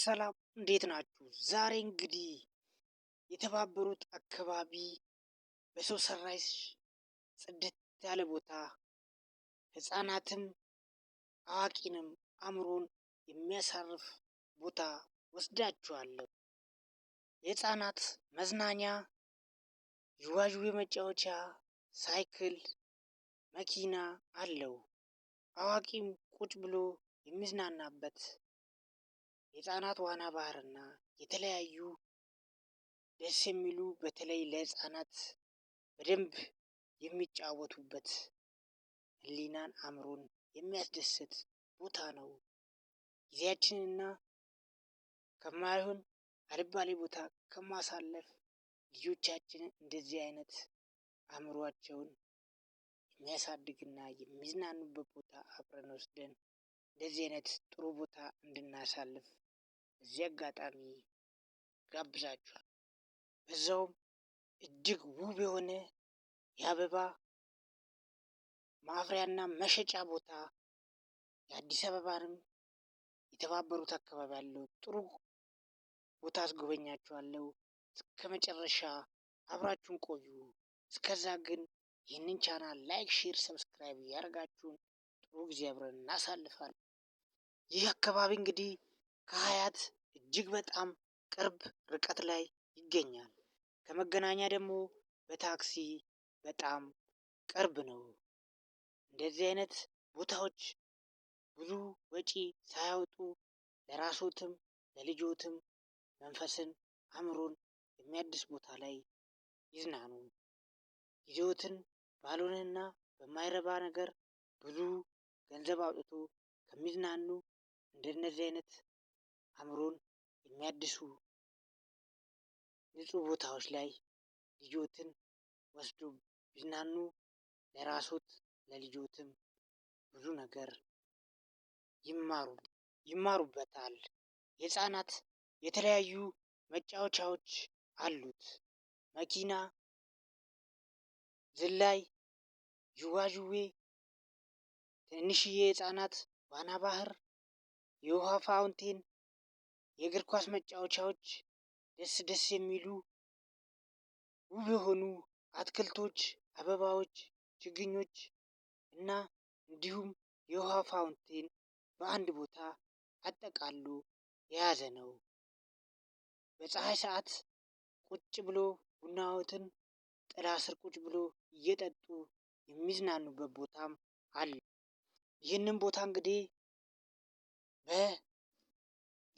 ሰላም እንዴት ናችሁ? ዛሬ እንግዲህ የተባበሩት አካባቢ በሰው ሰራሽ ጽድት ያለ ቦታ ህፃናትም አዋቂንም አእምሮን የሚያሳርፍ ቦታ ወስዳችኋለሁ። የህፃናት መዝናኛ ዥዋዥዌ መጫወቻ፣ ሳይክል፣ መኪና አለው። አዋቂም ቁጭ ብሎ የሚዝናናበት የህፃናት ዋና ባህርና የተለያዩ ደስ የሚሉ በተለይ ለህፃናት በደንብ የሚጫወቱበት ህሊናን አእምሮን የሚያስደስት ቦታ ነው። ጊዜያችንና ከማይሆን አልባሌ ቦታ ከማሳለፍ ልጆቻችንን እንደዚህ አይነት አእምሯቸውን የሚያሳድግና የሚዝናኑበት ቦታ አብረን ወስደን እንደዚህ አይነት ጥሩ ቦታ እንድናሳልፍ እዚህ አጋጣሚ ጋብዛችኋል። በዛውም እጅግ ውብ የሆነ የአበባ ማፍሪያና መሸጫ ቦታ የአዲስ አበባንም የተባበሩት አካባቢ ያለው ጥሩ ቦታ አስጎበኛችኋለሁ። እስከ መጨረሻ አብራችሁን ቆዩ። እስከዛ ግን ይህንን ቻናል ላይክ፣ ሼር፣ ሰብስክራይብ እያደረጋችሁን ጥሩ ጊዜ አብረን እናሳልፋለን። ይህ አካባቢ እንግዲህ ከሀያት እጅግ በጣም ቅርብ ርቀት ላይ ይገኛል። ከመገናኛ ደግሞ በታክሲ በጣም ቅርብ ነው። እንደዚህ አይነት ቦታዎች ብዙ ወጪ ሳያወጡ ለራስዎትም ለልጆትም መንፈስን አእምሮን የሚያድስ ቦታ ላይ ይዝናኑ። ጊዜዎትን ባልሆነና በማይረባ ነገር ብዙ ገንዘብ አውጥቶ ከሚዝናኑ እንደነዚህ አይነት አእምሮን የሚያድሱ ንጹህ ቦታዎች ላይ ልጆትን ወስዶ ቢዝናኑ ለራሶት ለልጆትም ብዙ ነገር ይማሩ ይማሩበታል። የህፃናት የተለያዩ መጫወቻዎች አሉት። መኪና፣ ዝላይ፣ ዥዋዥዌ፣ ትንሽዬ ህፃናት ዋና ባህር፣ የውሃ ፋውንቴን የእግር ኳስ መጫወቻዎች፣ ደስ ደስ የሚሉ ውብ የሆኑ አትክልቶች፣ አበባዎች፣ ችግኞች እና እንዲሁም የውሃ ፋውንቴን በአንድ ቦታ አጠቃሎ የያዘ ነው። በፀሐይ ሰዓት ቁጭ ብሎ ቡናዎትን ጥላ ስር ቁጭ ብሎ እየጠጡ የሚዝናኑበት ቦታም አለ። ይህንን ቦታ እንግዲህ በ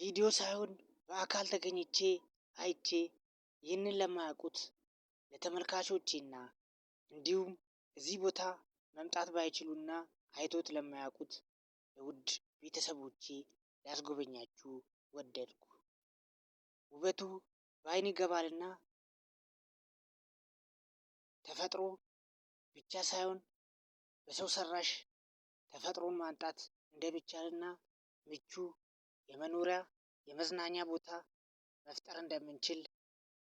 ቪዲዮ ሳይሆን በአካል ተገኝቼ አይቼ ይህንን ለማያውቁት ለተመልካቾቼና እንዲሁም እዚህ ቦታ መምጣት ባይችሉና አይቶት ለማያውቁት ለውድ ቤተሰቦቼ ሊያስጎበኛችሁ ወደድኩ። ውበቱ በአይን ይገባልና ተፈጥሮ ብቻ ሳይሆን በሰው ሰራሽ ተፈጥሮን ማምጣት እንደሚቻልና ምቹ የመኖሪያ የመዝናኛ ቦታ መፍጠር እንደምንችል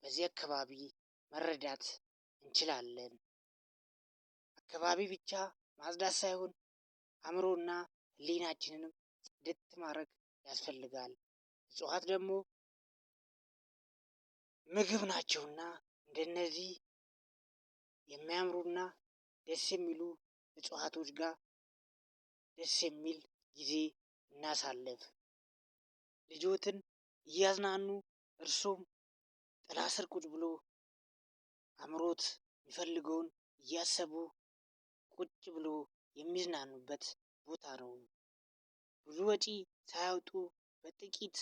በዚህ አካባቢ መረዳት እንችላለን። አካባቢ ብቻ ማጽዳት ሳይሆን አእምሮና ሕሊናችንንም ጽድት ማድረግ ያስፈልጋል። እጽዋት ደግሞ ምግብ ናቸውና እንደነዚህ የሚያምሩና ደስ የሚሉ እጽዋቶች ጋር ደስ የሚል ጊዜ እናሳለፍ። ልጆትን እያዝናኑ እርሱም ጥላ ስር ቁጭ ብሎ አምሮት የሚፈልገውን እያሰቡ ቁጭ ብሎ የሚዝናኑበት ቦታ ነው። ብዙ ወጪ ሳያወጡ በጥቂት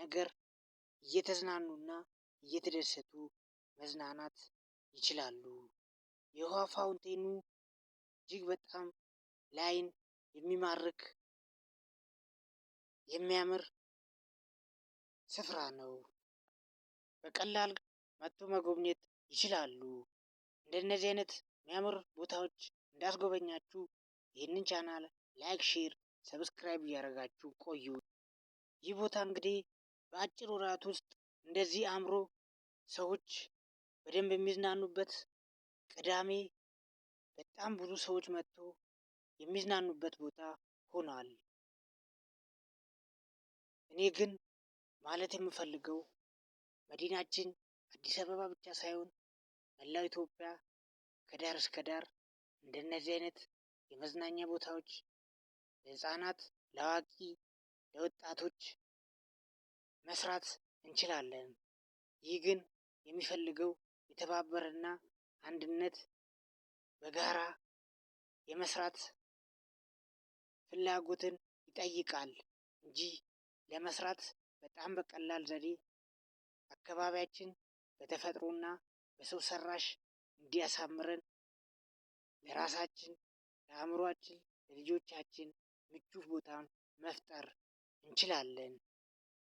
ነገር እየተዝናኑና እየተደሰቱ መዝናናት ይችላሉ። የውሃ ፋውንቴኑ እጅግ በጣም ለዓይን የሚማርክ የሚያምር ስፍራ ነው። በቀላል መጥቶ መጎብኘት ይችላሉ። እንደነዚህ አይነት የሚያምር ቦታዎች እንዳስጎበኛችሁ ይህንን ቻናል ላይክ፣ ሼር፣ ሰብስክራይብ እያደረጋችሁ ቆዩ። ይህ ቦታ እንግዲህ በአጭር ወራት ውስጥ እንደዚህ አምሮ ሰዎች በደንብ የሚዝናኑበት ቅዳሜ በጣም ብዙ ሰዎች መጥቶ የሚዝናኑበት ቦታ ሆኗል። እኔ ግን ማለት የምፈልገው መዲናችን አዲስ አበባ ብቻ ሳይሆን መላው ኢትዮጵያ ከዳር እስከ ዳር እንደነዚህ አይነት የመዝናኛ ቦታዎች ለህፃናት፣ ለአዋቂ፣ ለወጣቶች መስራት እንችላለን። ይህ ግን የሚፈልገው የተባበረና አንድነት በጋራ የመስራት ፍላጎትን ይጠይቃል እንጂ ለመስራት በጣም በቀላል ዘዴ አካባቢያችን በተፈጥሮና በሰው ሰራሽ እንዲያሳምረን ለራሳችን፣ ለአእምሯችን፣ ለልጆቻችን ምቹ ቦታን መፍጠር እንችላለን።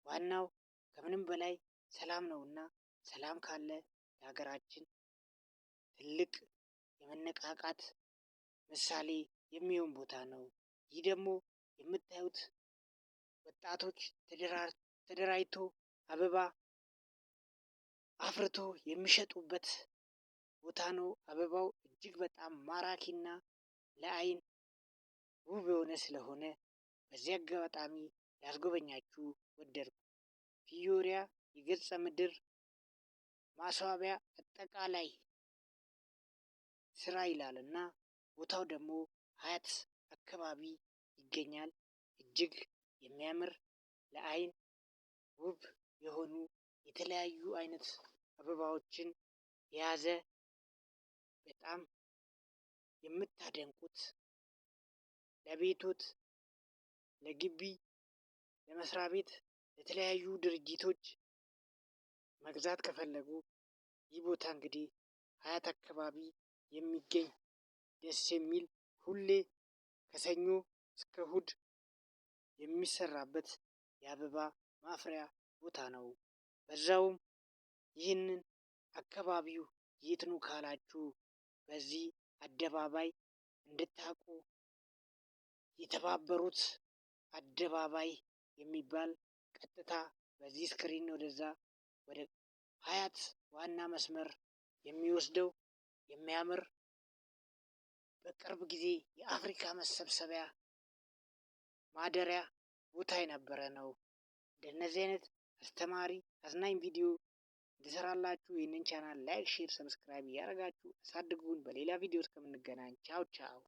ዋናው ከምንም በላይ ሰላም ነውና ሰላም ካለ ለሀገራችን ትልቅ የመነቃቃት ምሳሌ የሚሆን ቦታ ነው። ይህ ደግሞ የምታዩት ወጣቶች ተደራጅተው ተደራጅቶ አበባ አፍርቶ የሚሸጡበት ቦታ ነው። አበባው እጅግ በጣም ማራኪና ለአይን ውብ የሆነ ስለሆነ በዚህ አጋጣሚ ሊያስጎበኛችሁ ወደድኩ። ፊዮሪያ የገጸ ምድር ማስዋቢያ አጠቃላይ ስራ ይላል እና ቦታው ደግሞ ሀያት አካባቢ ይገኛል። እጅግ የሚያምር ለአይን ። ውብ የሆኑ የተለያዩ አይነት አበባዎችን የያዘ በጣም የምታደንቁት ለቤቶት፣ ለግቢ፣ ለመስሪያ ቤት፣ ለተለያዩ ድርጅቶች መግዛት ከፈለጉ ይህ ቦታ እንግዲህ ሀያት አካባቢ የሚገኝ ደስ የሚል ሁሌ ከሰኞ እስከ እሁድ የሚሰራበት የአበባ ማፍሪያ ቦታ ነው። በዛውም ይህንን አካባቢው የት ነው ካላችሁ በዚህ አደባባይ እንድታውቁ የተባበሩት አደባባይ የሚባል ቀጥታ በዚህ ስክሪን ወደዛ ወደ ሀያት ዋና መስመር የሚወስደው የሚያምር በቅርብ ጊዜ የአፍሪካ መሰብሰቢያ ማደሪያ ቦታ የነበረ ነው። እንደነዚህ አይነት አስተማሪ አዝናኝ ቪዲዮ እንድሰራላችሁ ይህንን ቻናል ላይክ፣ ሼር፣ ሰብስክራይብ እያደረጋችሁ አሳድጉን። በሌላ ቪዲዮ እስከምንገናኝ ቻው ቻው።